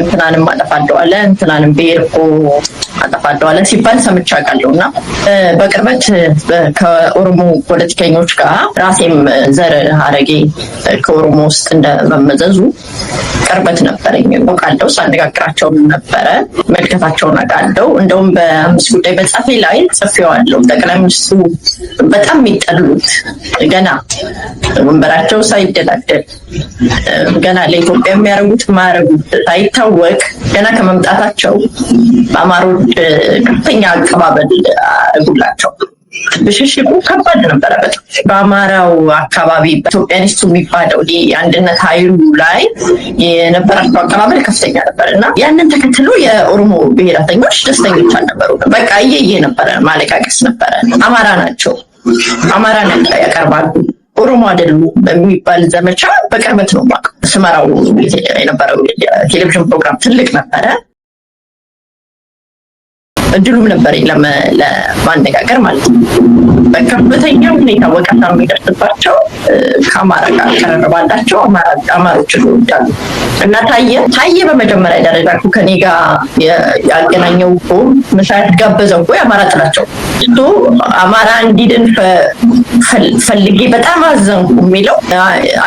እንትናንም አጠፋለሁ እንትናንም ብሄድ እኮ አጠፋለሁ ሲባል ሰምቻ ቃለው እና በቅርበት ከኦሮሞ ፖለቲከኞች ጋር ራሴም ዘር አረጌ ከኦሮሞ ውስጥ እንደመመዘዙ ቅርበት ነበረኝ። ቃለው ሳነጋግራቸውም ነበረ መልከታቸውን አውቃለሁ። እንደውም በአምስት ጉዳይ በጻፌ ላይ ጽፌዋለሁ። ጠቅላይ ሚኒስትሩ በጣም የሚጠሉት ገና ወንበራቸው ሳይደላደል ገና ለኢትዮጵያ የሚያደርጉት ማረጉት አይታ ሲታወቅ ገና ከመምጣታቸው በአማሮች ከፍተኛ አቀባበል አድርጉላቸው። ብሽሽቁ ከባድ ነበረ። በአማራው አካባቢ ኢትዮጵያኒስቱ የሚባለው የአንድነት ኃይሉ ላይ የነበራቸው አቀባበል ከፍተኛ ነበር እና ያንን ተከትሎ የኦሮሞ ብሔረተኞች ደስተኞች አልነበሩ። በቃ እየየ ነበረ፣ ማለቃቀስ ነበረ። አማራ ናቸው፣ አማራን ያቀርባሉ ኦሮሞ አይደሉም በሚባል ዘመቻ በቅርበት ነው ማቅ ስመራው የነበረው የቴሌቪዥን ፕሮግራም ትልቅ ነበረ። እድሉም ነበር ለማነጋገር ማለት ነው። በከፍተኛ ሁኔታ ወቀሳ የሚደርስባቸው ከአማራ ጋር ቀረባላቸው አማሮች ይወዳሉ እና ታየ ታየ በመጀመሪያ ደረጃ ከኔ ጋር ያገናኘው እኮ ምሳ እኮ የአማራ ጥላቸው እሱ አማራ እንዲድን ፈልጌ በጣም አዘንኩ የሚለው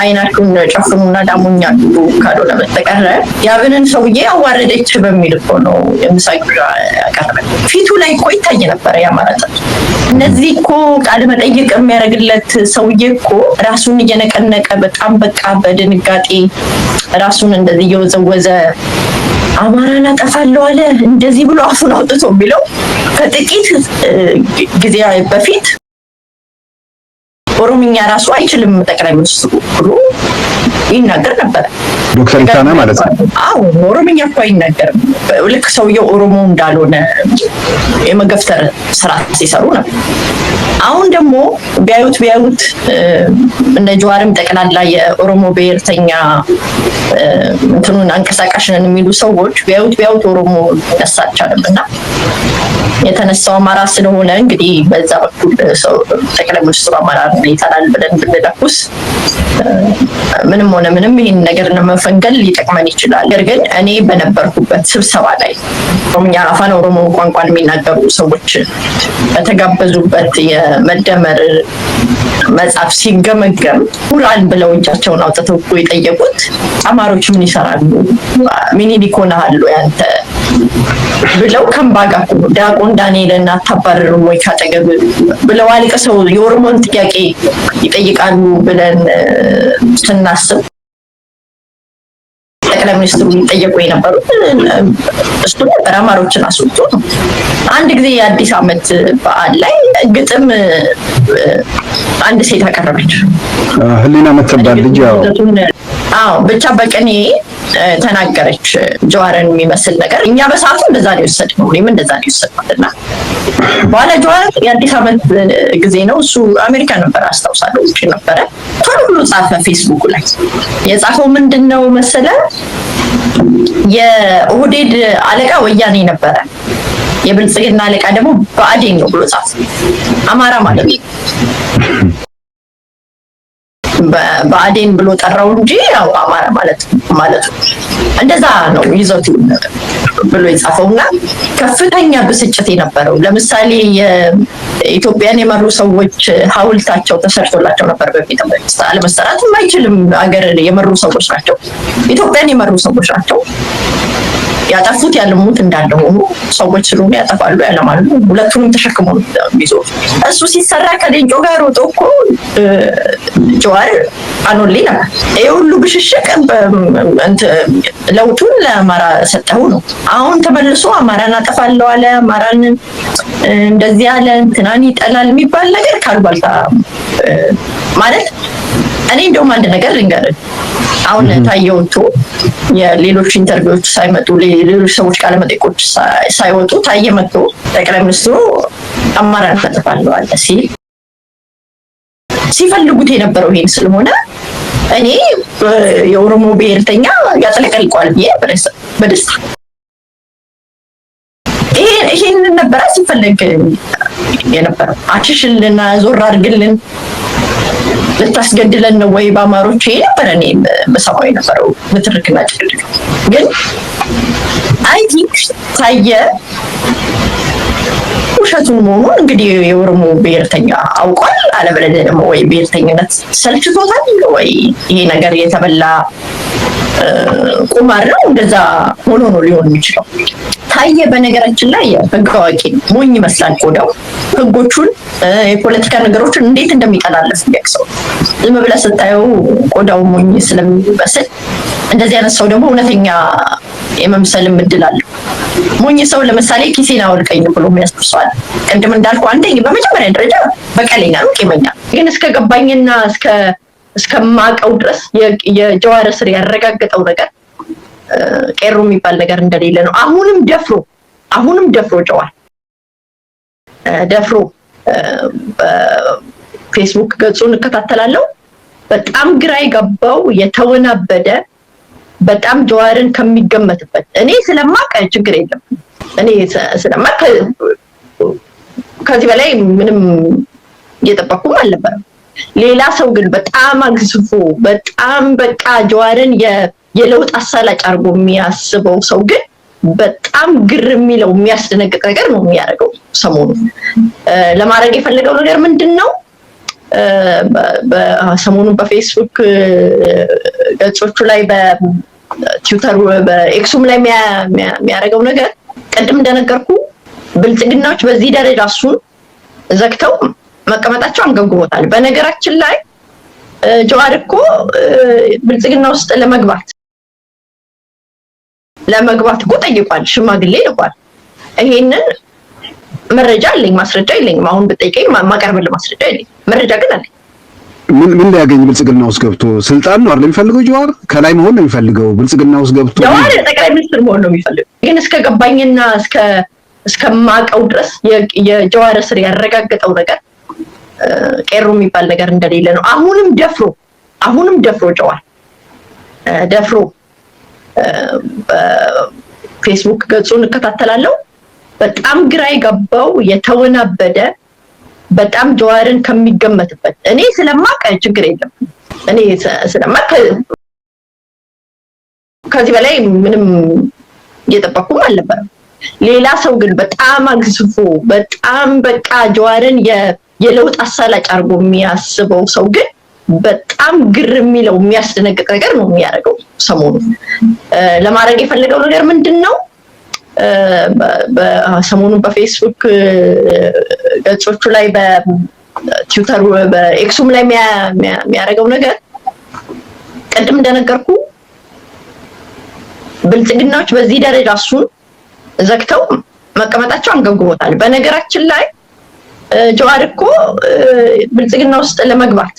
አይናችሁን ጨፍኑና ዳሙኛ ካዶ ለመጠቀረ ያብንን ሰውዬ አዋረደች በሚል እኮ ነው የምሳ ያቀረበ። ፊቱ ላይ እኮ ይታይ ነበረ ያማረጠ። እነዚህ እኮ ቃለ መጠይቅ የሚያደርግለት ሰውዬ እኮ ራሱን እየነቀነቀ በጣም በቃ በድንጋጤ ራሱን እንደዚህ እየወዘወዘ አማራን አጠፋለሁ አለ እንደዚህ ብሎ አፉን አውጥቶ የሚለው ከጥቂት ጊዜ በፊት ኦሮምኛ ራሱ አይችልም ጠቅላይ ሚኒስትሩ ብሎ ይናገር ነበር ዶክተር ኢሳና ማለት ነው። አዎ ኦሮምኛ እኮ አይናገርም። ልክ ሰውየው ኦሮሞ እንዳልሆነ የመገፍተር ስራ ሲሰሩ ነበር። አሁን ደግሞ ቢያዩት ቢያዩት እነ ጀዋርም ጠቅላላ የኦሮሞ ብሔርተኛ እንትኑን አንቀሳቃሽ ነን የሚሉ ሰዎች ቢያዩት ቢያዩት ኦሮሞ ያሳቻልም እና የተነሳው አማራ ስለሆነ እንግዲህ በዛ በኩል ሰው ጠቅላይ ሚኒስትሩ አማራ ይተናል ብለን ብንለኩስ ምንም ሆነ ምንም ይህን ነገር ለመፈንገል ሊጠቅመን ይችላል። ነገር ግን እኔ በነበርኩበት ስብሰባ ላይ ኦሮምኛ አፋን ኦሮሞ ቋንቋን የሚናገሩ ሰዎች በተጋበዙበት የመደመር መጽሐፍ ሲገመገም ቁርአን ብለው እጃቸውን አውጥተው የጠየቁት አማሮች ምን ይሰራሉ? ሚኒሊኮ አሉ ያንተ ብለው ከምባጋ ዲያቆን ዳንኤልን አታባርሩም ወይ ካጠገብ ብለው አልቅሰው የኦሮሞን ጥያቄ ይጠይቃሉ ብለን ስናስብ ጠቅላይ ሚኒስትሩ ሊጠየቁ የነበሩት እሱ ነበር። አማሮችን አስወጡ አንድ ጊዜ የአዲስ ዓመት በዓል ላይ ግጥም አንድ ሴት አቀረበች። ህሊና መተባል ልጅ ብቻ በቅኔ ተናገረች። ጀዋርን የሚመስል ነገር እኛ በሰዓቱ እንደዛ ነው የወሰድነው፣ እኔም እንደዛ ነው የወሰድኩት በኋላ ጀዋር የአዲስ ዓመት ጊዜ ነው እሱ አሜሪካ ነበር አስታውሳለሁ፣ ውጭ ነበረ። ቶሎ ብሎ ጻፈ ፌስቡክ ላይ የጻፈው ምንድን ነው መሰለ የኦህዴድ አለቃ ወያኔ ነበረ የብልጽግና አለቃ ደግሞ ብአዴን ነው ብሎ ጻፈ። አማራ ማለት ነው በአዴን ብሎ ጠራው እንጂ ያው አማራ ማለት ነው። እንደዛ ነው ይዘቱ ነገር ብሎ የጻፈው እና ከፍተኛ ብስጭት የነበረው ለምሳሌ ኢትዮጵያን የመሩ ሰዎች ሀውልታቸው ተሰርቶላቸው ነበር በቤተ መንግስት። አለመሰራት የማይችልም አገር የመሩ ሰዎች ናቸው። ኢትዮጵያን የመሩ ሰዎች ናቸው። ያጠፉት ያለሙት እንዳለ ሆኖ ሰዎች ስለሆኑ ያጠፋሉ፣ ያለማሉ። ሁለቱንም ተሸክሞ ይዞ እሱ ሲሰራ ከሌንጮ ጋር ሮጦ እኮ ጀዋር አኖሌ ነበር። ይህ ሁሉ ብሽሽቅ ለውጡን ለአማራ ሰጠው ነው። አሁን ተመልሶ አማራን አጠፋለሁ አለ፣ አማራን እንደዚህ አለ፣ እንትናን ይጠላል የሚባል ነገር ካልባልታ ማለት እኔ እንደውም አንድ ነገር ልንገርን። አሁን ታየውን የሌሎች ኢንተርቪዎች ሳይመጡ ሌሎች ሰዎች ቃለ መጠይቆች ሳይወጡ ታየ መጥቶ ጠቅላይ ሚኒስትሩ አማራን አጠፋለሁ አለ ሲል ሲፈልጉት የነበረው ይሄን ስለሆነ እኔ የኦሮሞ ብሔርተኛ ያጠለቀልቀዋል ብዬ በደስታ ይሄንን ነበረ ሲፈለግ የነበረው። አችሽልን፣ ዞር አድርግልን፣ ልታስገድለን ነው ወይ በአማሮች? ይሄ ነበረ እኔ የምሰማው የነበረው ምትርክና ጭቅልቅ። ግን አይ ቲንክ ታየ ውሸቱን መሆኑን እንግዲህ የኦሮሞ ብሔርተኛ አውቋል። አለበለዚያ ደግሞ ወይ ብሔርተኝነት ሰልችቶታል ወይ ይሄ ነገር የተበላ ቁማር ነው። እንደዛ ሆኖ ነው ሊሆን የሚችለው። ታየ በነገራችን ላይ ህግ አዋቂ ሞኝ ይመስላል ቆዳው። ህጎቹን የፖለቲካ ነገሮችን እንዴት እንደሚጠላለፍ እንዲያቅሰው ዝም ብለህ ስታየው ቆዳው ሞኝ ስለሚመስል እንደዚህ አይነት ሰው ደግሞ እውነተኛ የመምሰል እድል አለው። ሞኝ ሰው ለምሳሌ ኪሴን አወልቀኝ ብሎ የሚያስብ ቅድም እንዳልኩ አንደኝ በመጀመሪያ ደረጃ በቀለኛ ነው፣ ቂመኛ ግን እስከ ገባኝና እስከ እስከማቀው ድረስ የጀዋር እስር ያረጋገጠው ነገር ቄሮ የሚባል ነገር እንደሌለ ነው። አሁንም ደፍሮ አሁንም ደፍሮ ጀዋር ደፍሮ በፌስቡክ ገጹን እከታተላለሁ። በጣም ግራ የገባው የተወናበደ በጣም ጀዋርን ከሚገመትበት እኔ ስለማቀ ችግር የለም እኔ ስለማቀ ከዚህ በላይ ምንም እየጠበኩም አልነበረም። ሌላ ሰው ግን በጣም አግዝፎ በጣም በቃ ጀዋርን የለውጥ አሳላጭ አድርጎ የሚያስበው ሰው ግን በጣም ግር የሚለው የሚያስደነግጥ ነገር ነው የሚያደርገው። ሰሞኑ ለማድረግ የፈለገው ነገር ምንድን ነው? ሰሞኑን በፌስቡክ ገጾቹ ላይ በትዊተሩ በኤክሱም ላይ የሚያደርገው ነገር ቅድም እንደነገርኩ ብልጽግናዎች በዚህ ደረጃ እሱን ዘግተው መቀመጣቸው አንገብግቦታል። በነገራችን ላይ ጀዋር እኮ ብልጽግና ውስጥ ለመግባት ለመግባት እኮ ጠይቋል፣ ሽማግሌ ልኳል። ይሄንን መረጃ አለኝ፣ ማስረጃ የለኝም። አሁን ብጠይቀኝ ማቀርብልህ ማስረጃ የለኝ መረጃ ግን አለኝ። ምን ምን ሊያገኝ ብልጽግና ውስጥ ገብቶ ስልጣን ነው አይደል የሚፈልገው? ጀዋር ከላይ መሆን ነው የሚፈልገው። ብልጽግና ውስጥ ገብቶ ጀዋር ጠቅላይ ሚኒስትር መሆን ነው የሚፈልገው። ግን እስከ ገባኝና እስከ እስከማቀው ድረስ የጀዋር ስር ያረጋገጠው ነገር ቄሮ የሚባል ነገር እንደሌለ ነው። አሁንም ደፍሮ አሁንም ደፍሮ ጨዋል ደፍሮ በፌስቡክ ገጹን እከታተላለሁ። በጣም ግራ የገባው የተወናበደ በጣም ጀዋርን ከሚገመትበት እኔ ስለማቀ ችግር የለም እኔ ስለማቀ ከዚህ በላይ ምንም እየጠበኩም አልነበረም። ሌላ ሰው ግን በጣም አግዝፎ በጣም በቃ ጀዋርን የለውጥ አሳላጭ አድርጎ የሚያስበው ሰው ግን በጣም ግር የሚለው የሚያስደነግጥ ነገር ነው የሚያደርገው። ሰሞኑ ለማድረግ የፈለገው ነገር ምንድን ነው? ሰሞኑን በፌስቡክ ገጾቹ ላይ በትዊተሩ በኤክሱም ላይ የሚያደርገው ነገር ቅድም እንደነገርኩ ብልጽግናዎች በዚህ ደረጃ እሱን ዘግተው መቀመጣቸው አንገብግቦታል። በነገራችን ላይ ጀዋር እኮ ብልጽግና ውስጥ ለመግባት